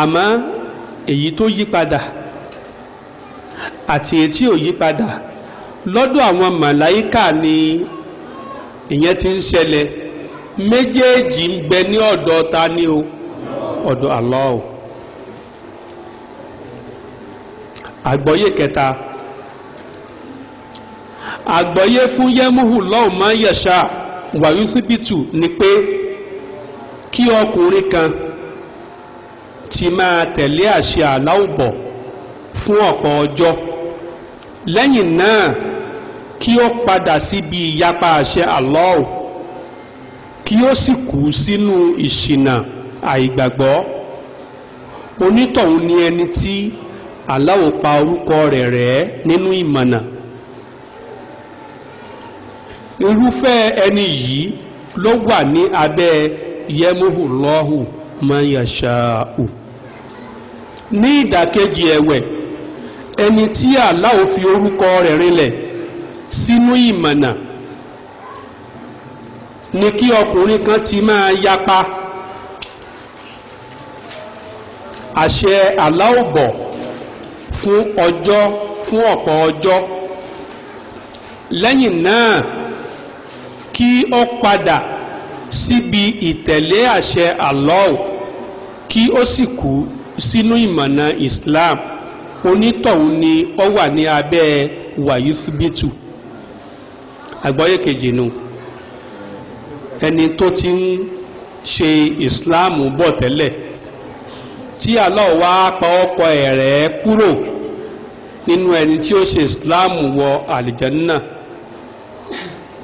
àmọ́ èyí tó yí padà àti èyí tí ò yí padà lọ́dọ̀ àwọn màláíkà ni ìyẹn ti ń ṣẹlẹ̀ méjèèjì ń bẹ ní ọ̀dọ̀ ta ni o ọ̀dọ̀ Allah o àgbọ́yé kẹta àgbọ́yé fún yẹ́múhù lọ́hùn máa ń yẹ̀ṣà wàyúsíbítù ni pé kí ọkùnrin kan ti máa tẹ̀lé àṣẹ àláùbọ̀ fún ọ̀pọ̀ ọjọ́ lẹ́yìn náà kí ó padà síbi ìyapa àṣẹ Allah kí ó sì kú sínú ìṣìnà àìgbàgbọ́ onítọ̀hún ni ẹni tí aláwò pa orúkọ rẹ̀ rẹ̀ nínú ìmọ̀nà irúfẹ́ ẹni yìí ló wà ní abẹ́ ní ìdàkejì ẹ̀wẹ̀ ẹni tí Allah fi orúkọ rẹ̀ rinlẹ̀ sínú ìmọ̀nà ni kí ọkùnrin kan ti máa yapa àṣẹ Allah ó bọ̀ fún ọjọ́ fún ọ̀pọ̀ ọjọ́ lẹ́yìn náà kí ó padà síbi ìtẹ̀lé àṣẹ Allah kí ó sì kú sínú ìmọ̀nà Islam onítọ̀hún ni ó wà ní abẹ́ wàyúsíbítù àgbọ́yé kejì nu ẹni tó ti ń ṣe Islam bọ̀ tẹ́lẹ̀ tí Allah wá pa ọkọ̀ ẹ̀rẹ́ kúrò nínú ẹni tí ó ṣe Islam wọ àlìjẹ́nnà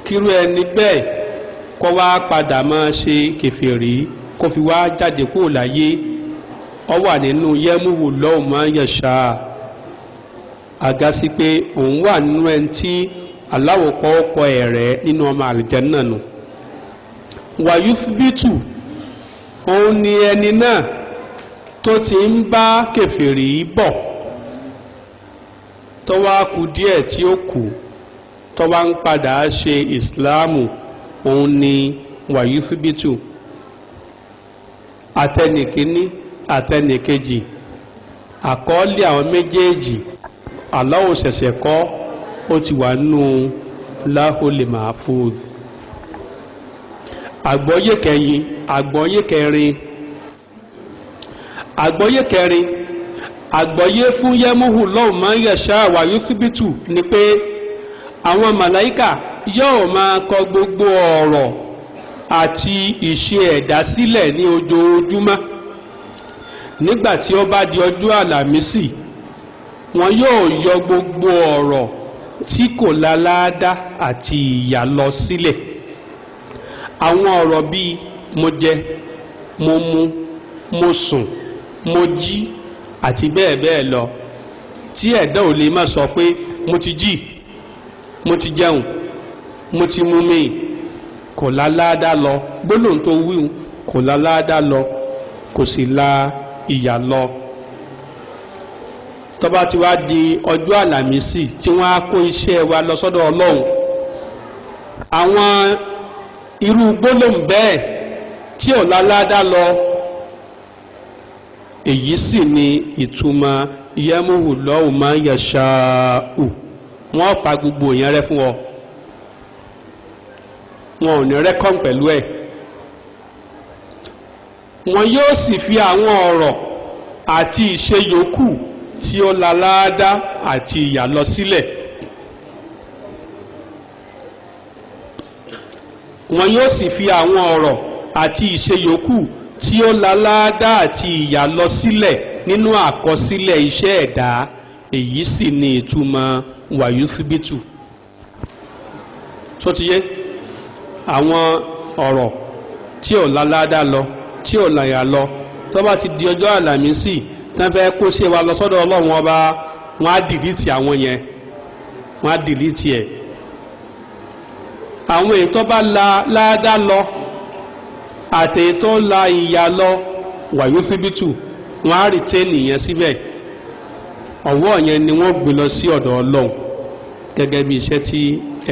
kírú ẹni bẹ́ẹ̀ kó wá padà máa ṣe kèfèrí kó fi wá jáde kúrò láyé ọ wà nínú yẹ́múwù lọ́hùn máa ń yẹ̀ṣà àga sí pé òun wà nínú ẹni tí aláwọ̀ pọ́ọ́pọ́ ẹ̀rẹ́ nínú ọmọ àlìjẹ́nà nù wàyúfúbítù òun ni ẹni náà tó ti ń bá kẹfìrì bọ̀ tó wá díẹ̀ tí ó kù tó ń padà ṣe ìsìláàmù òun ni wàyúfúbítù àtẹnìkíní àtẹnìkejì àkọọ́lẹ̀ àwọn méjèèjì Allah ṣẹ̀ṣẹ̀ kọ ó ti wà nù láhùlẹ̀ mahfuz àgbọ́yé kẹyìn àgbọ́yé kẹrin àgbọ́yé kẹrin àgbọ́yé fún yẹmúhù lọ́hùn máa ń yẹ̀ṣá wa yusbitu ni pé àwọn màláìkà yóò máa kọ gbogbo ọ̀rọ̀ àti ìṣe ẹ̀dá ní ojoojúmọ́ nígbà tí ó bá di ọjọ́ àlàmísì wọn yóò yọ gbogbo ọ̀rọ̀ tí kò láláádá àti ìyà lọ sílẹ̀ àwọn ọ̀rọ̀ bíi mo jẹ mo mu mo sùn mo jí àti bẹ́ẹ̀ bẹ́ẹ̀ lọ tí ẹ̀dá ò lè má sọ pé mo ti jí mo ti jẹun mo ti mu mi kò láláádá lọ gbólóhùn tó wíwù kò láláádá lọ kò sì la ìyà lọ tó ti wá di ọjọ́ àlàmísì tí wọ́n á kó iṣẹ́ wa lọ sọ́dọ̀ ọlọ́run àwọn irú gbólóhùn bẹ́ẹ̀ tí ò láládá lọ èyí sì ni ìtumọ̀ yẹmúhù lọ́hùn máa ń yẹ ṣááù wọ́n pa gbogbo èèyàn rẹ fún ọ wọn ò ní rẹ́kọ̀n pẹ̀lú ẹ̀ wọn yóò sì fi àwọn ọ̀rọ̀ àti ìṣe yòókù tí ó laláàdá àti ìyà lọ sílẹ̀ wọn yóò sì fi àwọn ọ̀rọ̀ àti ìṣe yòókù tí ó laláàdá àti ìyà lọ sílẹ̀ nínú àkọsílẹ̀ iṣẹ́ ẹ̀dá èyí sì ni ìtumọ̀ wàyúsíbítù tó ti yé àwọn ọ̀rọ̀ tí ò laláàdá lọ. La tí ò làyà lọ tó bá ti di ọjọ́ àlàmísì tán fẹ́ kó ṣe wa lọ sọ́dọ̀ ọlọ́run ọba wọn á dìlítì àwọn yẹn wọn á dìlítì ẹ̀ àwọn ètò bá la láàdá lọ àti ètò la ìyà lọ wàyó síbítù wọn á rìtẹ́ nìyẹn síbẹ̀ ọ̀wọ́ yẹn ni wọ́n gbé lọ sí ọ̀dọ̀ ọlọ́run gẹ́gẹ́ bí iṣẹ́ tí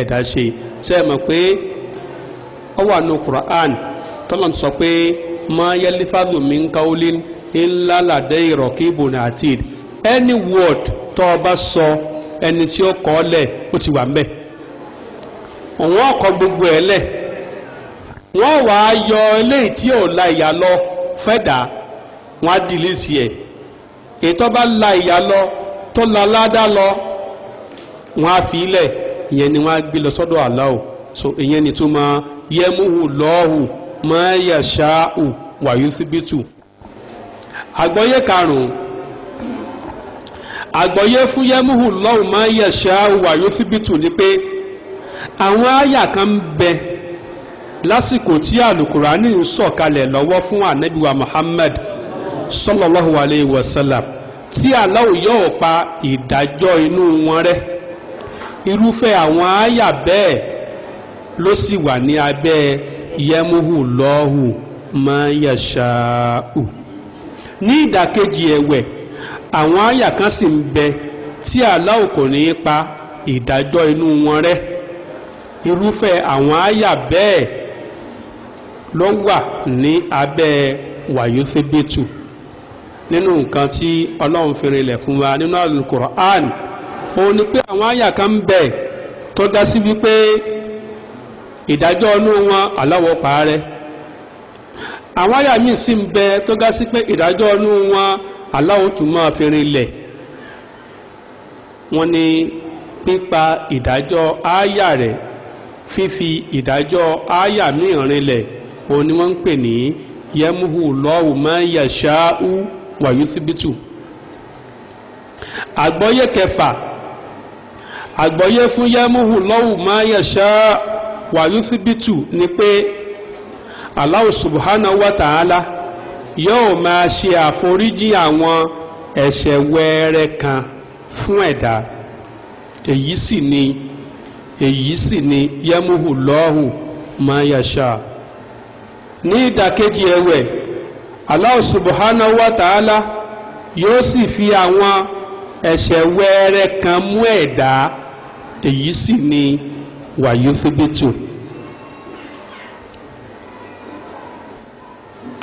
ẹ̀dá ṣe ṣe é mọ̀ pé ó wà Qur'an tọ́lọ́n sọ pé. ma yalifadhu min qawlin illa ladayhi raqibun atid any word tó wọd bá sọ ẹni tí ó kọ ọ́ lẹ̀ ó ti wà ọkọ̀ gbogbo ẹ̀ lẹ̀ wọ́n wàá yọ eléyìí tí ò la ìyá lọ fẹ́ dà wọ́n á dìlítì la ìyá lọ tó la ládá lọ wọ́n a fi ile ìyẹn ni wọ́n á gbé sọ́dọ̀ Allah so ìyẹn ni ma yẹmuhu lọ́hùn. mọ́yàṣáù wàyúsíbítù àgbọ́yé karùn-ún àgbọ́yé fún yẹ́múhù lọ́hùn mọ́yàṣáù wàyúsíbítù ni pé àwọn àyà kan ń bẹ lásìkò tí àlùkùránì ń sọ̀kalẹ̀ lọ́wọ́ fún ànábìwá Muhammad sallallahu alayhi wa sallam tí aláwọ̀ yóò pa ìdájọ́ inú wọn rẹ́ irúfẹ́ àwọn àyà bẹ́ẹ̀ ló sì wà ní abẹ́ yẹmuhu lọ́hù máa yàṣáù ní ìdàkejì ẹ̀wẹ̀ àwọn àyà kan sì ń bẹ tí aláwò kò ní pa ìdájọ́ inú wọn rẹ́ irúfẹ́ àwọn àyà bẹ́ẹ̀ ló wà ní abẹ́ wàyóṣebétù nínú nǹkan tí ọlọ́run fi rinlẹ̀ fún wa nínú Al-Qur'an òun ni pé àwọn àyà kan ń bẹ tó dá sí wípé. ìdájọ́ inú wọn aláwọ̀ pààrẹ́ àwọn àyà míì ń bẹ tó gá sí pé ìdájọ́ inú wọn aláwọ̀ tún máa fi rinlẹ̀ wọ́n ni pípa ìdájọ́ àyà rẹ̀ fífi ìdájọ́ àyàmì míì rinlẹ̀ òun ni wọ́n ń pè ní yẹmuhu lọ́wù yẹ wàyú síbítù àgbọ́yé kẹfà àgbọ́yé fún yẹmuhu lọ́wù wàyúfíbítù ni pé Allahu subhanahu wa ta'ala yóò máa ṣe àforíjì àwọn ẹ̀ṣẹ̀ wẹ́ẹ́rẹ́ kan fún ẹ̀dá èyí sì ni èyí sì ni yẹmuhu lọ́hùn máa ní ìdàkejì ẹ̀wẹ̀ Allah subhanahu wa ta'ala yóò sì fi àwọn ẹ̀ṣẹ̀ wẹ́ẹ́rẹ́ kan mú ẹ̀dá èyí sì ni. wà yófébétò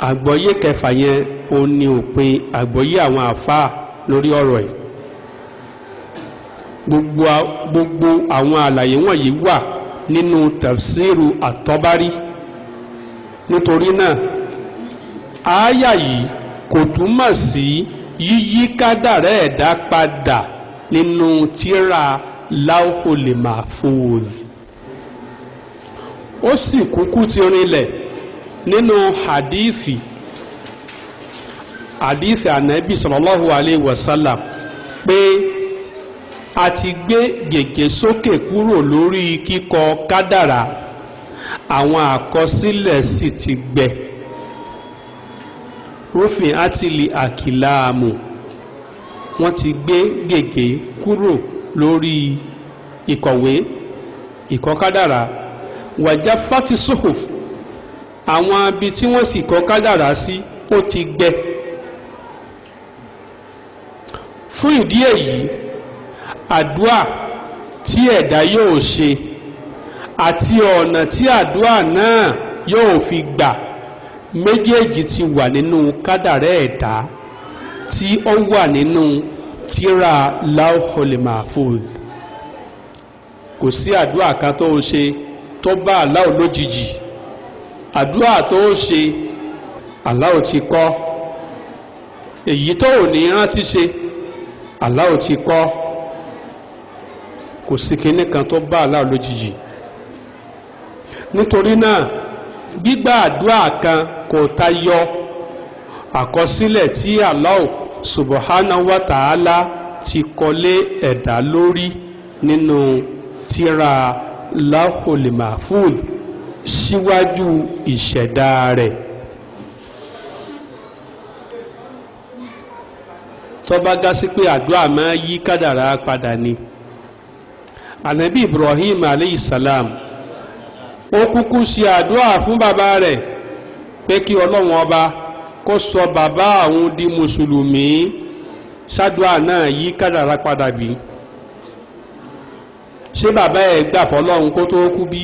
àgbọ́yé kẹfà yẹn ó ní òpin àgbọ́yé àwọn àfáà lórí ọ̀rọ̀ ẹ̀ gbogbo àwọn àlàyé wọ̀nyí wà nínú tafsiru àtọ́bárí nítorí náà àáyà yìí kò túmọ̀ sí yíyí kádàrá ẹ̀dá padà nínú tírà láòkòlè mahfuz ó sì kúkú ti rinlẹ̀ nínú hadithi hadithi anabi sallallahu alayhi wa sallam pé a ti gbé gègé sókè kúrò lórí kíkọ kádàrá àwọn àkọsílẹ̀ sì ti gbẹ rúfin átìlì àkìláàmù wọ́n ti gbé gègé kúrò lórí ìkọ̀wé ìkọkádàrá wàjá fati sohof àwọn abi tí wọ́n sì kọ́ kádàrá sí ó ti gbẹ fún ìdí èyí àdúà tí ẹ̀dá yóò ṣe àti ọ̀nà tí àdúà náà yóò fi gbà méjèèjì ti wà nínú kádàrá ẹ̀dá tí ó wà nínú tíra láòhùlì kò sí àdúà kan tó ṣe tó bá aláwọ̀ lójijì àdúrà tó ó ṣe aláwọ̀ ti kọ́ èyí tó ò ní rántí ṣe aláwọ̀ ti kọ́ kò sí kinní kan tó bá aláwọ̀ lójijì nítorí náà gbígbà àdúrà kan kò tayọ àkọsílẹ̀ tí aláwọ̀ subhanahu wa ta'ala ti kọlé ẹ̀dá lórí nínú tírà láhùlì mahfud síwájú ìṣẹ̀dá rẹ̀ tọ́ba gá sí pé àdúrà máa yí kádàrá padà ni ànábì Ibrahim aleyhisalaam ó kúkú ṣe àdúrà fún bàbá rẹ̀ pé kí ọlọ́run ọba kó sọ bàbá àwọn di mùsùlùmí ṣáàdúrà náà yí kádàrá padà bíi ṣé bàbá ẹ̀ gbà fọlọ́run kó tó kú bí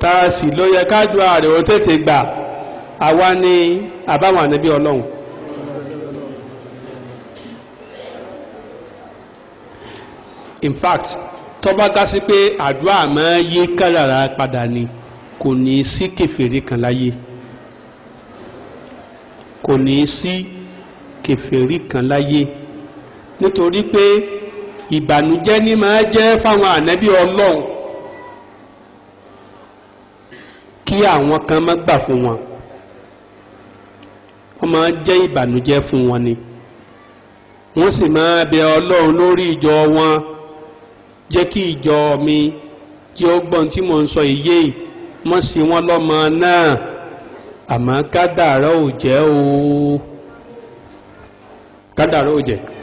tá a sì ló yẹ kájú ààrẹ ó tètè gbà àwa ni àbáwọn ànábí ọlọ́run in fact tọ́ba ká sí pé àdúrà máa yí kádàrá padà ni kò ní í sí kẹfẹ́rí kan láyé kò ní í sí kẹfẹ́rí kan láyé nítorí pé ìbànújẹ́ ní máa jẹ́ fáwọn ànábì ọlọ́run kí àwọn kan má gbà fún wọn wọ́n máa jẹ́ ìbànújẹ́ fún wọn ni wọ́n sì máa bẹ ọlọ́run lórí ìjọ wọn jẹ́ kí ìjọ mi jẹ́ ọgbọ́n tí mò ń sọ iye mọ́ sí wọn lọ́mọ náà àmọ́ kádàrá ò jẹ́ o kádàrá ò jẹ́ o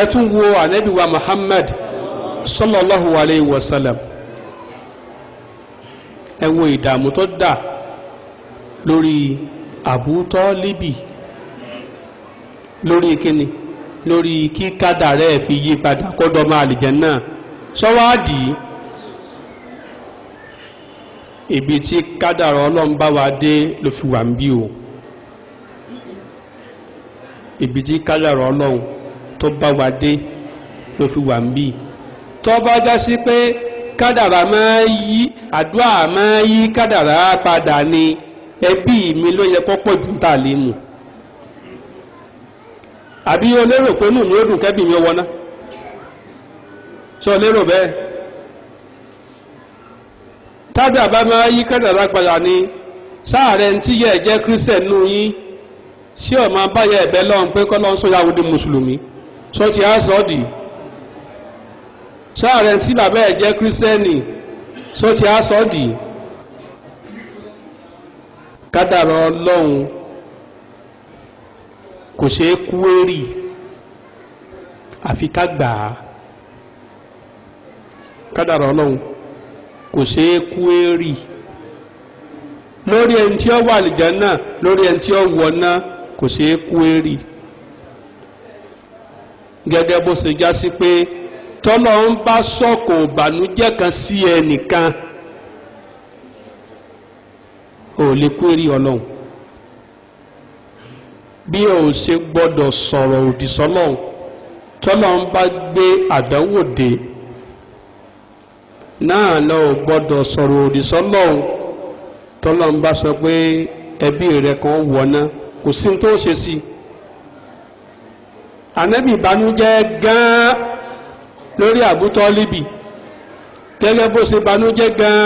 ẹ tún wo ànábì wa Muhammad sallallahu alayhi wa sallam ẹ wo ìdààmú tó dà lórí Abu Tọ́líbì lórí kíni lórí kí kádàrá ẹ̀ fi yí padà kó dọ́mọ àlìjánnà sọ́wádìí ibi tí kádàrá ọlọ́run bá wa dé ló fi wà ń bí o ibi tí kádàrá ọlọ́run tó bá wa dé ló fi wà ń bì tó bá dá sí pé kádàrá máa yí àdúrà máa yí kádàrá padà ni ẹbí mi ló yẹ kó pọ̀ jù tà lé mu àbí olérò pé nù mí ó dùn kẹ́bì mi ó wọná sọ lérò bẹ́ẹ̀ tádà bá máa yí kádàrá padà ni sáàrẹ̀ ń yẹ jẹ́ kírísẹ̀ nù yín ṣé ọ̀ máa bá ẹ̀bẹ̀ lọ́hùn pé kọ́ lọ́hùn sọ yàwó di mùsùlùmí. sọ́ọ̀tì àsọ̀dì sáàrẹ̀ ti bàbá ẹ̀ jẹ́ kírísítẹ́nì sọ́ọ̀tì àsọ̀dì kádàrá ọlọ́run kò ṣeé kúwérì àfi ká gbà á kò ṣeé kúwérì lórí ẹni tí ó wà àlìjẹ́ náà lórí ẹni tí ó náà kò ṣeé kúwérì. gẹ́gẹ́ bó ṣe já sí pé tọ́lọ́ ń bá sọ̀kò ìbànújẹ́ kan sí ẹnìkan ò lè kúrì ọlọ́run bí ò ṣe gbọ́dọ̀ sọ̀rọ̀ òdì sọ́lọ́run tọ́lọ́ ń bá gbé àdánwò dé náà lọ ò gbọ́dọ̀ sọ̀rọ̀ òdì sọ́lọ́run tọ́lọ́ ń bá sọ pé ẹbí rẹ kan wọ̀ ná kò sí ní tó ṣe sí i. anabi banújẹ́ gan lórí àbútọ́líbì gẹ́gẹ́ bó ṣe banújẹ́ gan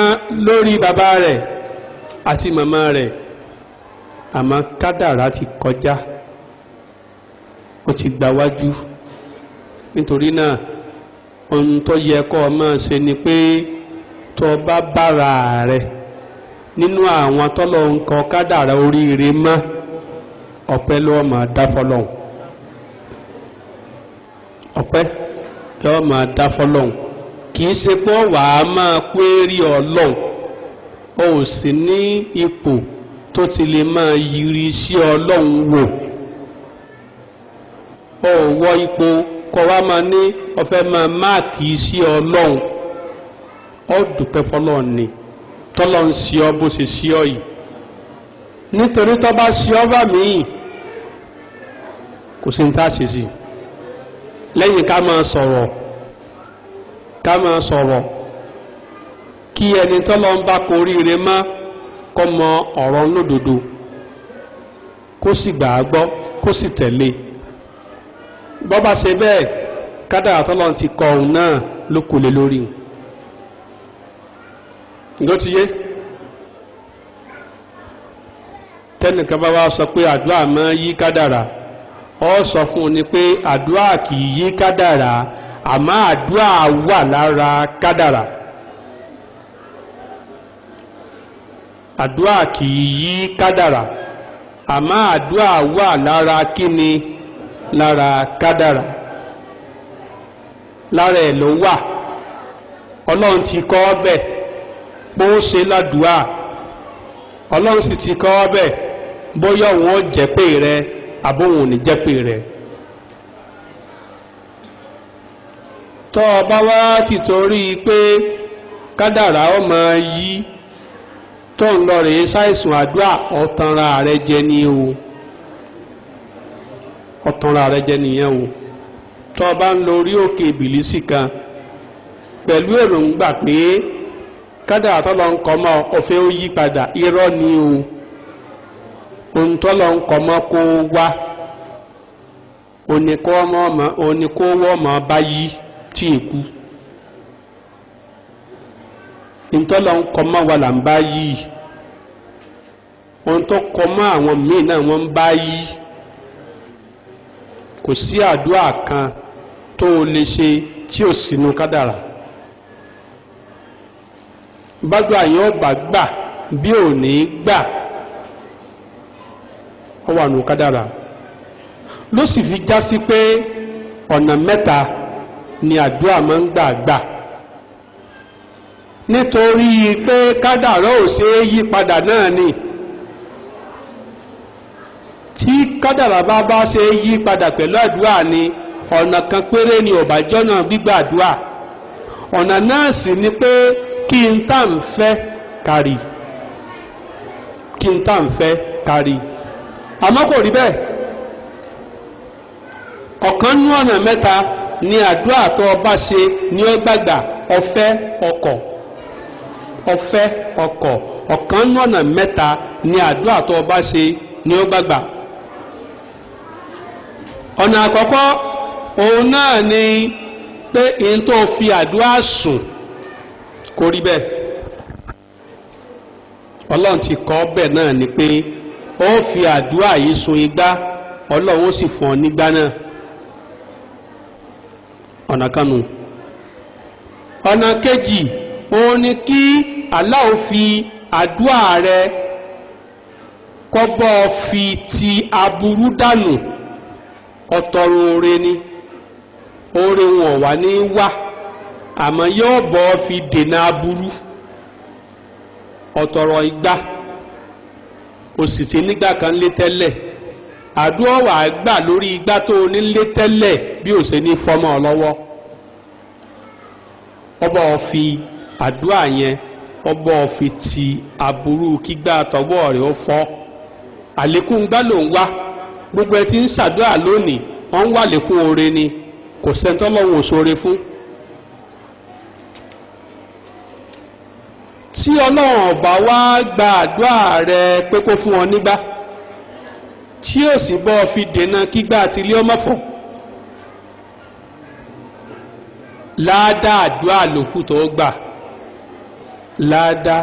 lórí bàbá rẹ̀ àti màmá rẹ̀ àmọ́ kádàrá ti kọjá ó ti gba wájú nítorí náà ohun tó yẹ kó o máa ṣe ni pé tó o bá bára rẹ̀ nínú àwọn tọ́lọ́ nǹkan kádàrá oríire mọ́ ọpẹ́ ló máa ọpẹ́ yóò máa dá fọlọ́hún kì í ṣe pé wàá máa pé rí ọlọ́hún o ò sì ní ipò tó ti lè máa yiri sí ọlọ́hún wò o ò wọ ipò kọ wá máa ní ọfẹ́ máa máàkì sí ọlọ́hún ó dúpẹ́ fọlọ́hún ni tọ́lọ́ ń ṣe ọ bó ṣe ṣe ọ yìí nítorí tó bá ṣe ọ bá mi kò sí ní tá a ṣe sí i lẹ́yìn ká máa sọ̀rọ̀ ká máa sọ̀rọ̀ kí ẹni tọ́lọ́ ń bá koríire má kọ́ mọ ọ̀rọ̀ lódodo kó sì gbà á gbọ́ kó sì tẹ̀lé bọ́ bá ṣe bẹ́ẹ̀ kádàrá tọ́lọ́ ti kọ òun náà ló kò lórí òun ǹgọ́ ti yé tẹ́nìkan bá wá sọ pé àdúrà máa yí kádàrá. ọ sọ fún ni pé àdúrà kì yí kádàrà àmọ́ àdúrà wà lára kádàrà àdúrà kì ọlọ́run ti kọ́ ọ bẹ́ẹ̀ bó ṣe ọlọ́run sì ti kọ́ ọ bẹ́ẹ̀ bóyá òun ó pé rẹ àbóhùn ò ní jẹ́ pé rẹ̀ tọ́ ọba wá ti torí pé kádàrá ọmọ yí tó ń lọ rèé àdúrà ọ̀tanra jẹ ní o ọ̀tanra rẹ jẹ nìyẹn tọ́ ọba ń kan pẹ̀lú èròǹgbà pé ń kọ́ mọ́ ọ̀fẹ́ ó yí padà ohun nkọmọ ń kọ́ mọ́ kó wá oníkówó ọmọ bá tí èkú wa là ń bá yí ohun tó kọ́ àwọn míì náà ń bá yi kò sí àdúrà kan tó o lè ṣe tí ò sínú kádàrà bájú àyàn ọgbà gbà bí ò ní gbà. wọ́n wà nù kádàrà ló sì fi já sí pé ọ̀nà mẹ́ta ni àdúrà máa ń gbà gbà nítorí pé kádàrà ò ṣe é yí padà náà ni tí kádàrà bá bá ṣe é yí padà pẹ̀lú àdúrà ni ọ̀nà kan péré ni ọ̀bàjọ́ náà gbígbà àdúrà ọ̀nà náà sì ni pé kí n tá à fẹ́ kárí kí n tá à fẹ́ kárí. àmọ́ kò rí bẹ́ẹ̀ ọ̀kan nú ọ̀nà mẹ́ta ni àdúrà tó ọba ṣe ni ó gbàgbà ọkọ̀ ọkọ̀ ọ̀kan nú ọ̀nà mẹ́ta ni àdúrà tó o ṣe ni ó gbàgbà ọ̀nà àkọ́kọ́ òun náà ni pé n tó fi àdúrà sùn kò rí bẹ́ẹ̀ ọlọ́run ti kọ́ bẹ́ẹ̀ náà ni pé ó fi àdúrà yìí so igbá ọlọ́run ó sì fún ọ nígbà náà ọ̀nà kejì òun ni kí Allah fi àdúrà rẹ kọ́bọ̀ fi ti aburú dànù ọ̀tọ̀rọ̀ oore ni oore wọn ní wá fi dènà aburú ọ̀tọ̀rọ̀ o sì ti nígbà kan lé tẹ́lẹ̀ àdúrà wà á gbà lórí igbá tó o ní lé tẹ́lẹ̀ bí o ṣe ní fọmọ lọ́wọ́ ọba ọ̀fi àdúrà yẹn ọba ọ̀fi ti aburú kígbà tọwọ́ rẹ̀ ó fọ́ àlékún gbá ló ń wá gbogbo ẹ ti ń ṣàdúrà lónìí wọ́n ń wà lékún oore ni kò sẹ́ńtọ́ lọ́wọ́ òṣòre fún. tí ọlọ́run ọba wá gba àdúrà rẹ pé kó fún ọ nígbà tí ó sì bọ́ ọ fi dènà kígbà àti ilé ọmọ fún láàdá àdúrà lòkù tó gbà láàdá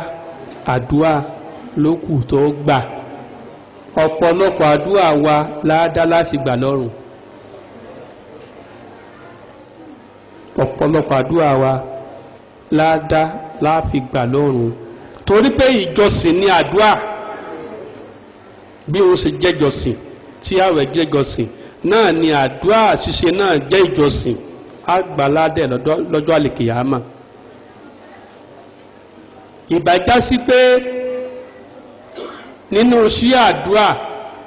àdúrà lòkù tó gbà ọ̀pọ̀lọpọ̀ àdúrà wa láàdá láti gbà lọ́rùn ọ̀pọ̀lọpọ̀ àdúrà wa láàdá láàfi gbà lọ́rùn torí pé ìjọsìn ni àdúrà bí òun ṣe jẹ́ ìjọsìn tí àwẹ̀ jẹ́ ìjọsìn náà ni àdúrà ṣíṣe náà jẹ́ ìjọsìn àgbàládẹ lọ́jọ́ àlìkìyàmà ìbàjá sí pé nínú sí àdúrà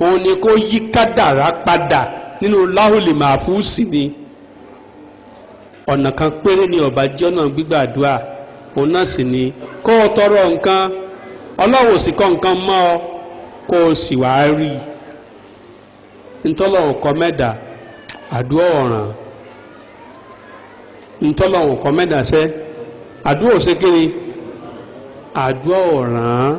òun ni kó yí kádàrá padà nínú láhùlì màfúùsì ni ọ̀nà kan péré ni ọ̀bàjẹ́ ọ̀nà gbígbàdúrà òun náà sì ni kó o tọrọ nǹkan ọlọ́wọ́ sì kọ́ nǹkan mọ́ ọ kó o sì wá rí i ntọ́lọ̀ òkọ mẹ́ta àdúrà ọ̀ràn ntọ́lọ̀ òkọ mẹ́ta sẹ́ àdúrà ni àdúrà ọ̀ràn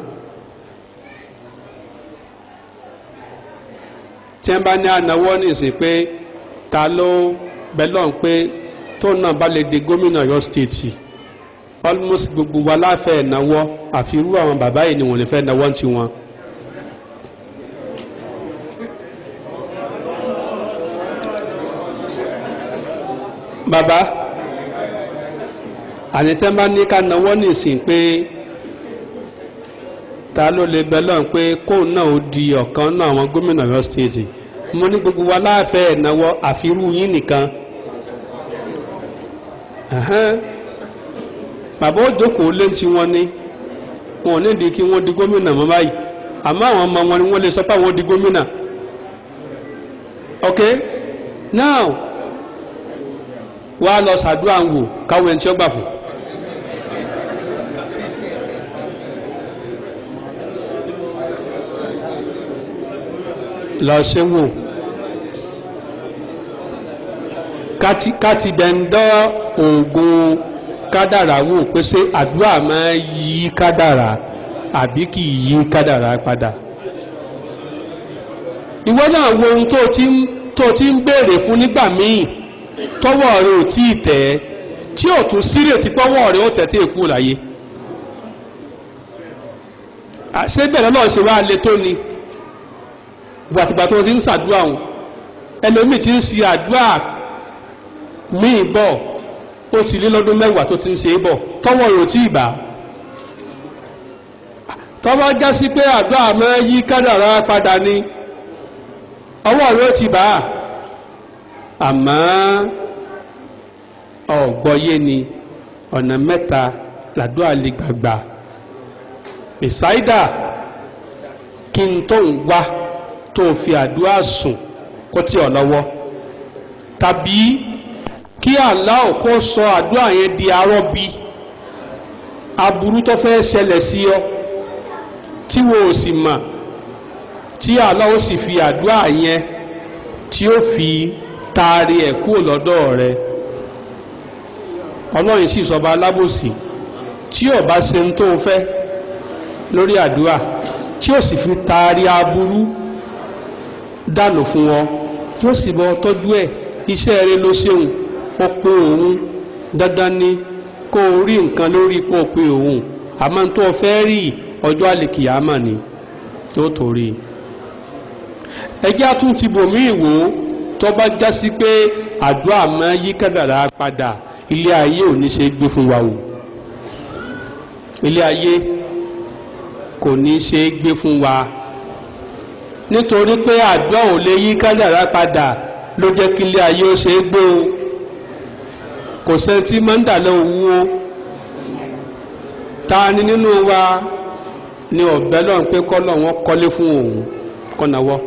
tí wọ́n bá ní ànáwọ́ ta ló bẹ́lọ̀ pé tóun náà bá lè di gómìnà almost gbogbo wa láfẹ́ náwó àfi irú àwọn bàbá yìí ni wọ́n lè fẹ́ náwó ti wọn. bàbá ànitẹ́ bá ní ká náwó nìsín pé ta ló lè bẹ lọ́n pé kóun náà ó di ọ̀kan náà àwọn gómìnà Ọ̀yọ́ stéètì mo ní gbogbo wa láàfẹ́ náwó àfi yín nìkan. Uh-huh bàbá ó jókòó lé ti wọn ni wọn ò ní di kí wọ́n di gómìnà mọ́ báyìí àmọ́ àwọn ọmọ wọn ni wọ́n lè sọ pé àwọn di gómìnà ok now wàá lọ sàdúrà ń wò káwọn ẹni tí ó gbà fún. lọ ṣe wò káti bẹ̀ ń dọ́ oògùn. kádàrà wò pé ṣé àdúrà máa yí kádàrà àbí kì í yí kádàrà padà ìwọ náà ohun tó ti ń béèrè fún nígbà míì tọ́wọ́ rẹ ò tí ì tí ò tún sírètí rẹ èkú láyé ṣé ṣe wá ti ń ṣàdúrà òun ẹlòmíì ti ń ṣe àdúrà míì ó ti lé lọ́dún mẹ́wàá tó ti ń ṣe é bọ̀ tọ́wọ́ rò tí ì bá tọ́wọ́ já sí pé àdúrà mọ́ yí kádàrá padà ni ọwọ́ rẹ̀ ó ti bá àmọ́ ọ̀gbọ́yé ni ọ̀nà mẹ́ta làdúrà lè gbàgbà ìsáídà kí n tó ń wá tó fi àdúrà sùn kó tí ọ̀ lọ́wọ́ tàbí kí Allah kó sọ àdúrà yẹn di arọ́bí aburú tó fẹ́ ṣẹlẹ̀ sí ọ tí wo ò sì mọ̀ tí Allah ó sì fi àdúrà yẹn tí ó fi taari ẹ̀ kúrò lọ́dọ̀ rẹ ọlọ́run sì sọba alábòsí tí ó bá ṣe ń tó fẹ́ lórí àdúrà tí ó sì fi taari aburú dànù fún ọ tí ó sì bọ́ tọ́jú ẹ̀ iṣẹ́ rẹ ló ṣeun ó òun dandan ni kó o rí nǹkan lórí pé ó pé òun àmọ́ tó o fẹ́ rí ọjọ́ àlèkìyàmọ̀ ni tó torí ẹjẹ́ àtún ti bòmíì wò tó bá já sí pé àdúrà mọ́ yí kádàrá padà ilé ayé ò ní ṣe gbé fún wa o ilé ayé kò ní ṣe gbé fún wa nítorí pé àdúrà ò lè yí kádàrá padà ló jẹ́ kí ilé ayé ó ṣe gbé o kò sẹ́ tí máa ń dàlẹ́ owó ta ni nínú wa ni ọ̀bẹ lọ́run pé kọ́ lọ́run wọn kọ́lé fún òun kọ́nàwọ́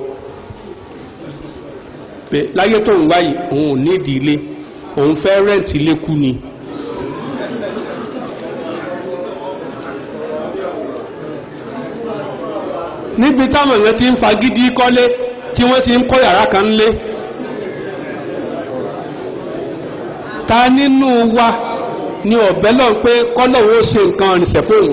pé láyé tóun wáyé òun ò nídìí ilé òun fẹ́ rẹ́ǹtì ilé kú ni. níbi táwọn èèyàn ti ń fagídí kọ́lé tí wọ́n ti ń kọ́ yàrá kan lé. ta nínú wa ni ọ̀bẹ lọ pé kọ́lọ́wọ́ ó ṣe nǹkan ìrìnsẹ̀ fóun.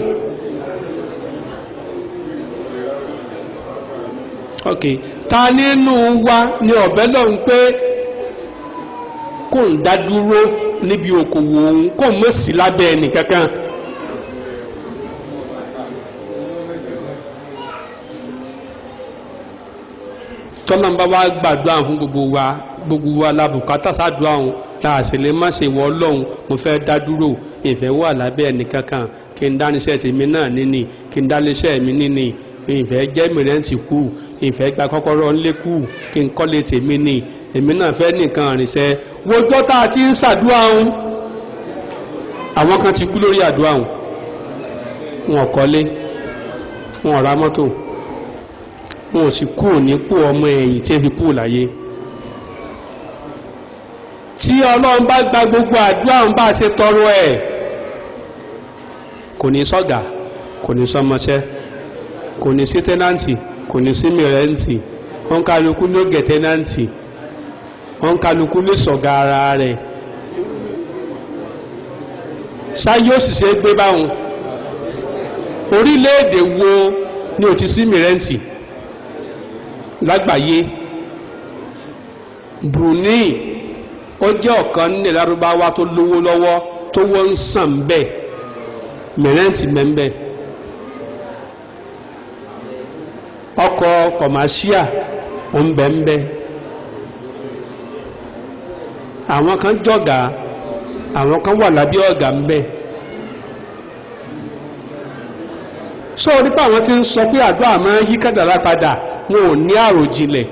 ok ta nínú wa ni ọ̀bẹ lọ pé kò ń dádúró níbi òkòwò òun kò ń mèsì lábẹ́ ẹnì kankan. tọ́lọ́mbà wa gbàdúrà fún gbogbo wa gbogbo wa la sáà dùn àwọn. tá a sì lè má ṣe wọ ọlọ́run mo fẹ́ dá dúró ìfẹ́ wà lábẹ́ ẹnìkankan kí n dáníṣẹ́ tèmi náà níní kí n dáníṣẹ́ mi níní ìfẹ́ jẹ́ mìrẹ́ǹtì kù ìfẹ́ gba kọ́kọ́rọ́ ńlẹ́ kù kí n kọ́lé tèmi ní èmi náà fẹ́ nìkan àrìnṣẹ́ wojọ́ tá a ti ń ṣàdúrà ń àwọn kan ti kú lórí àdúrà ń wọn kọ́lé wọn ra mọ́tò wọn ò sì kú òní kú ọmọ ẹ̀yìn tí ẹ fi kú láyé. tí ọlọ́run bá gba gbogbo àdúrà ń bá ṣe tọrọ ẹ̀ kò ní sọ́gà kò ní sọmọṣẹ́ kò ní sí tẹ́nàǹtì kò ní sí mìrẹ́ǹtì ló gẹ̀ tẹ́nàǹtì ló sọ̀gà ara rẹ̀ ṣáyé sì ṣe gbé báwọn orílẹ̀-èdè wo ni ò ti sí mìrẹ́ǹtì lágbàáyé Brunei ó jẹ́ ọ̀kan nílẹ̀ lárúbáwá tó lówó lọ́wọ́ tó wọ́n ń sàn bẹ́ mẹ̀rẹ́ǹtì mẹ́ńbẹ́ ọkọ̀ kọ̀máṣíà ń àwọn kan jọ̀gá àwọn kan wà lábẹ́ ọga ń sọ nípa àwọn tí ń sọ pé yí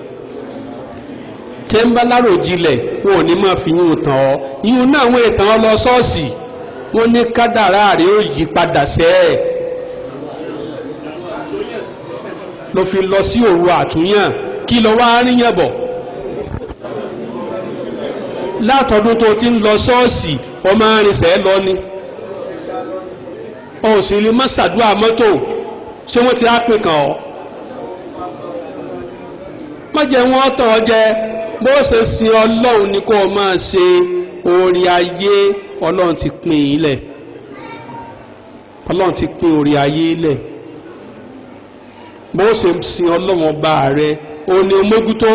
tẹ́ ń bá láròjinlẹ̀ wọn ò ní máa fi yún tàn ọ́ yún náà wọ́n ètàn ọ́ lọ ṣọ́ọ̀ṣì wọ́n ní kádàrá rẹ̀ ó yí padà sẹ́ ẹ̀ ló fi lọ sí òru àtúnyàn kí lọ wá ríyàn bọ̀ látọdún tó ti ń lọ ṣọ́ọ̀ṣì ọmọ arìnsẹ̀ lọ ni òsì lè má ṣàdúrà mọ́tò ṣé wọ́n ti á pè kàn ọ́ má jẹ́ wọ́n tọ̀ ọ́ jẹ́ bó ṣe sin ọlọ́run ni kó o máa ṣe orí ayé ọlọ́run ti pín in lẹ̀ ọlọ́run ti pín orí ayé lẹ̀ bó ṣe sin ọlọ́run ọba rẹ o ní omógútó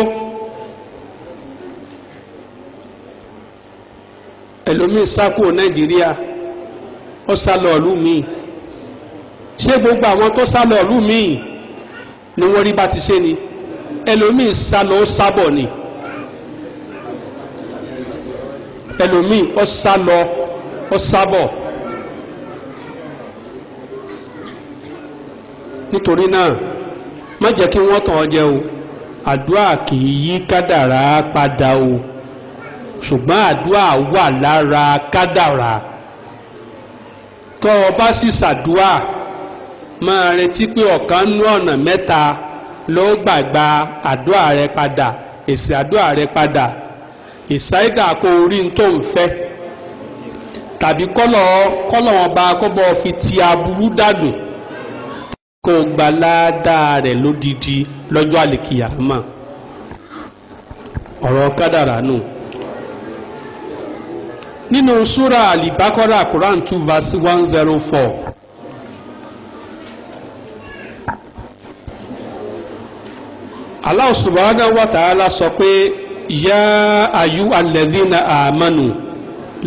ẹlòmíín sákò nàìjíríà ó sá lọ ìlú míì ṣé gbogbo àwọn tó sá lọ ìlú míì ni wọ́n rí bá ti ṣe ni ẹlòmíín sá lọ ó sábọ̀ ni. ẹlòmíì ó sá lọ ó sábọ̀ nítorí náà má jẹ́ kí wọ́n tàn ọ́ jẹ o àdúrà kì í yí kádàrá padà o ṣùgbọ́n àdúrà wà lára kádàrá tọ́ ọ bá sì ṣàdúrà máa retí pé ọ̀kan nú ọ̀nà mẹ́ta ló gbàgbà àdúrà rẹ padà èsì àdúrà rẹ padà ìsáídà kó orí tó ń fẹ́ tàbí kọ́lọ̀ kọ́lọ̀ wọn bá kọ́bọ̀ fi ti aburú dànù kó gba ládàá rẹ̀ lódidi lọ́jọ́ àlìkìyàmà ọ̀rọ̀ kádàrà nù nínú súra àlìbákọ́rà Quran two verse one zero four. Allah subhanahu wa ta'ala sọ pé yá ayú alẹ́dínà àmánù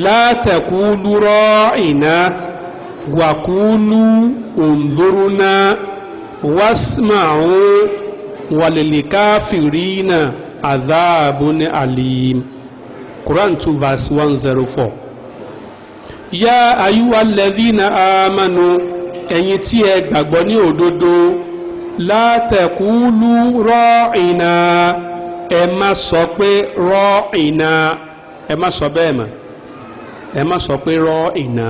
látẹ̀kúlú rọ́ọ̀ìnà wàkúlú òǹdórúnà wàsímàù wàlẹ̀lẹ̀káfìrínà àdáàbùn àlìm Quran 2 verse 104 yá ayú alẹ́dínà àmánù ẹ̀yin tí ẹ gbàgbọ́ ní òdodo látẹ̀kúlú rọ́ọ̀ìnà ẹ má sọ pé rọ ìnà ẹ má sọ bẹ́ẹ̀ ẹ má sọ pé rọ ìnà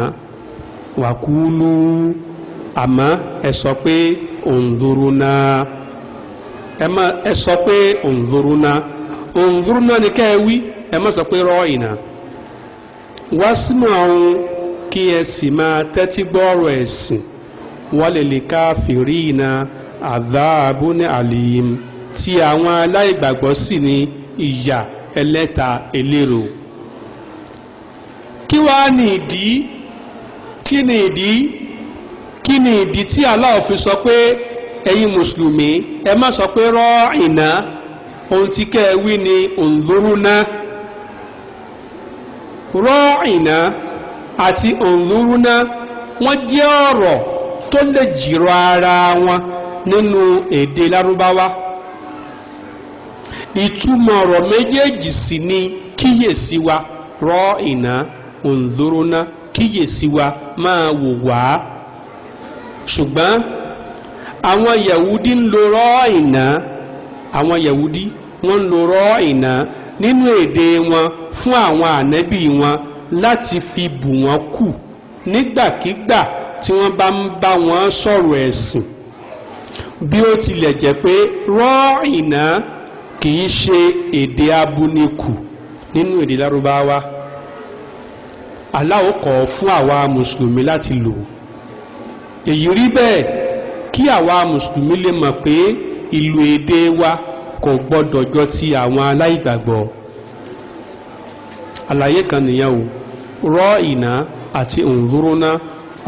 wàkúlù àmọ́ ẹ sọ pé òǹdúrúnà ẹ má ẹ sọ pé ni ká ẹ wí ẹ má sọ pé rọ ìnà wá sínú àwọn kí ẹ sì máa tẹ́tí gbọ́rọ̀ ẹ̀sìn wọ́n lè lè ti àwọn aláìgbàgbọ́ sì ni ìyà ẹlẹ́ta eléro kí wá ní ìdí kí ni ìdí kí ni ìdí tí Allah fi sọ pé ẹ̀yin mùsùlùmí ẹ má sọ pé rọ́ ìná ohun tí kẹ́ ẹ wí ni òǹdúrúná rọ́ ìná àti òǹdúrúná wọ́n jẹ́ ọ̀rọ̀ tó lè jìrọ̀ ara wọn nínú èdè lárúbáwá. ìtumọ̀ ọ̀rọ̀ méjèèjì sì ni kíyèsí wa rọ ìná òǹdóróná kíyèsí wa máa wò wá ṣùgbọ́n àwọn yahudi rọ ìná àwọn yahudi wọ́n ń lo ìná nínú èdè wọn fún àwọn ànẹ́bí wọn láti fi bù wọ́n kù nígbàkigbà tí wọ́n bá ń bá wọn sọ̀rọ̀ ẹ̀sìn bí rọ ìná. kì í ṣe èdè abúnikù nínú èdè lárúbáwá Allah kọ̀ fún àwa mùsùlùmí láti lò èyí rí bẹ́ẹ̀ kí àwa mùsùlùmí lè mọ̀ pé ìlò èdè wa kò gbọ́dọ̀ jọ ti àwọn aláìgbàgbọ́ àlàyé kan nìyẹn o rọ ìná àti òǹdúróná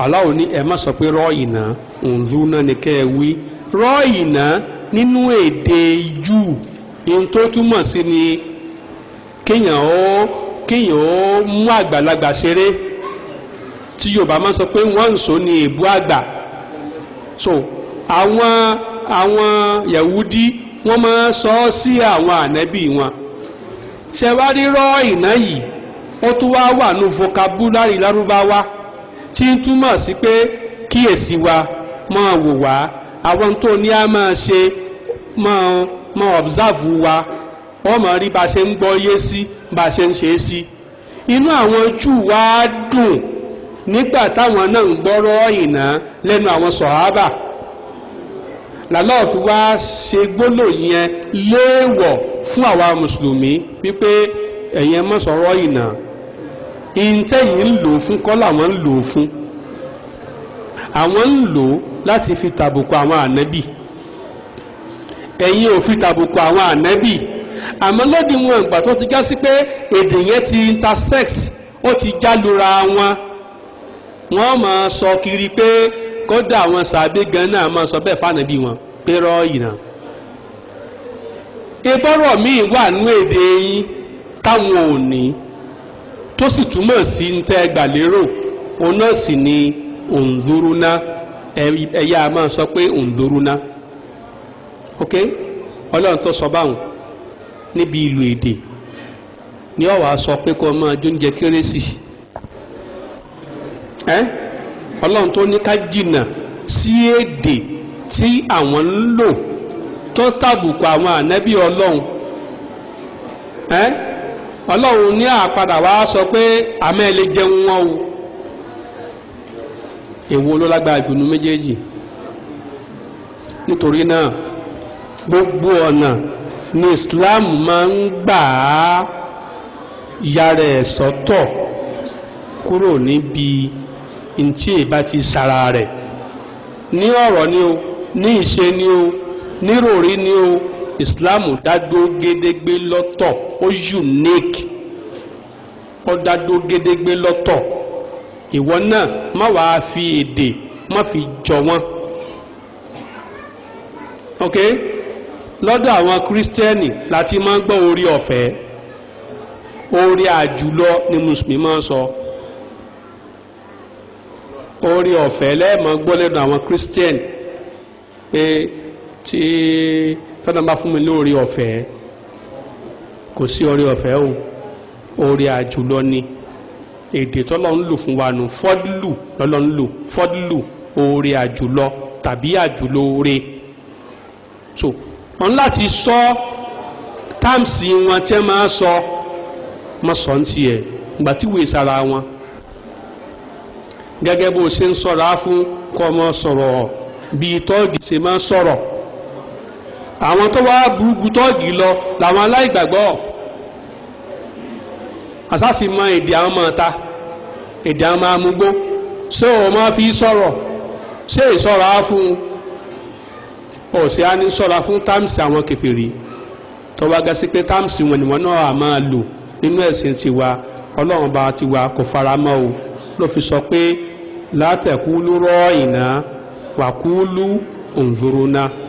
Allah ní ẹ má sọ pé rọ ìná òǹdúróná ni kẹ́ ẹ wí rọ ìná nínú èdè Júù in tó túmọ̀ sí ni kéèyàn ó kéèyàn ó mú àgbàlagbà ṣeré tí yorùbá máa ń sọ pé wọ́n ń sọ ní èbú àgbà so àwọn àwọn yahudi wọ́n máa ń sọ ọ́ sí àwọn ànábì wọn ṣe wá rírọ́ ìná yìí ó tún wá wà ní vocabulary lárúbáwá tí ń túmọ̀ sí pé kíyèsí wa máa wò wá àwọn tó ní a máa ṣe máa mọ ọ̀bùsàbù wa wọ́n mọ̀ rí bá a ṣe ń gbọ́ yé sí bá a ṣe ń ṣe é sí inú àwọn júù wá dùn nígbà táwọn náà ń gbọ́rọ̀ ìná lẹ́nu àwọn sọ̀hábà làlọ́ọ̀ fi wá ṣe gbólò yẹn léèwọ̀ fún àwa mùsùlùmí wípé ẹ̀yẹn mọ̀ sọ̀rọ̀ ìná ìǹtẹ̀yìn ń lò fún kọ́ làwọn ń lò fún àwọn ń lò láti fi tàbùkù àwọn ànábì. ẹ̀yin ò fi tàbùkù àwọn ànábì àmọ́ lóde wọn ìgbà tó ti já sí pé èdè yẹn ti intersect ó ti jálura wọn wọ́n máa sọ kiri pé kódà àwọn sàbí gan náà máa sọ bẹ́ẹ̀ fànàbí wọn pé rọ́ọ̀yì náà ìbọ̀rọ̀ míì wà nú èdè yín táwọn ò ní tó sì túmọ̀ sí ń tẹ́ gbàlérò òun náà sì ni òǹdúrúná ẹ̀yà máa sọ pé òǹdúrúná. ok ọlọ́run tó sọ báwọn níbi ìlú èdè ni ọ̀wà sọ pé kó máa jóúnjẹ kérésì ọlọ́run tó ní ká èdè tí àwọn ń lò tó tàbùkù àwọn ànẹ́bí ọlọ́run ọlọ́run ní àpadà sọ pé àmẹ́ gbogbo ọ̀nà ni Islam máa ń gbà á yàrá ẹ̀ sọ́tọ̀ kúrò níbi ntí ìbá ti sara rẹ̀ ní ọ̀rọ̀ ni o ní ìṣe ni o níròrí ni o Islam dádúró gédégbé lọ́tọ̀ ó unique ó dádúró gédégbé lọ́tọ̀ ìwọ náà má wàá fi èdè má fi jọ wọn ok lọ́dọ̀ àwọn kírísítẹ́nì láti máa ń gbọ́ orí ọ̀fẹ́ orí àjùlọ ni mùsùlùmí máa ń sọ orí ọ̀fẹ́ lẹ́ẹ̀mọ́ gbọ́ lẹ́nu àwọn kírísítẹ́nì pé tí fẹ́ẹ́ náà bá fún mi lórí ọ̀fẹ́ kò sí orí ọ̀fẹ́ o orí àjùlọ ni èdè tọ́lọ́ ń lò fún wa nù fọ́dúlù lọ́lọ́ ń lò fọ́dúlù oore àjùlọ tàbí àjùlọ oore so ọ̀n láti sọ táàmsì wọn tẹ́ máa sọ mọ́ sọ ń tiẹ̀ ìgbà tí wèé sara wọn gẹ́gẹ́ bó ṣe ń sọ̀rọ̀ á fún kọ́ ọmọ sọ̀rọ̀ bíi tọ́ọ̀gì ṣe máa sọ̀rọ̀ àwọn tó wá burúkú tọ́ọ̀gì lọ làwọn aláìgbàgbọ́ àsáàsì mọ èdè àwọn ọmọ ta èdè àwọn ọmọ amúgbó ṣé o máa fi sọ̀rọ̀ ṣé ìsọ̀rọ̀ á fún un ọ̀sẹ̀ á ní sọ́ra fún táàmùsì àwọn kẹfìrí tó bá gasi pé táàmùsì wọn ni wọn náà á máa lò nínú ẹ̀sìn tiwa ọlọ́run bá tiwa kò fara mọ́ o ló fi sọ pé látẹ̀kú ló ìná wàkúlú òǹzòrò náà.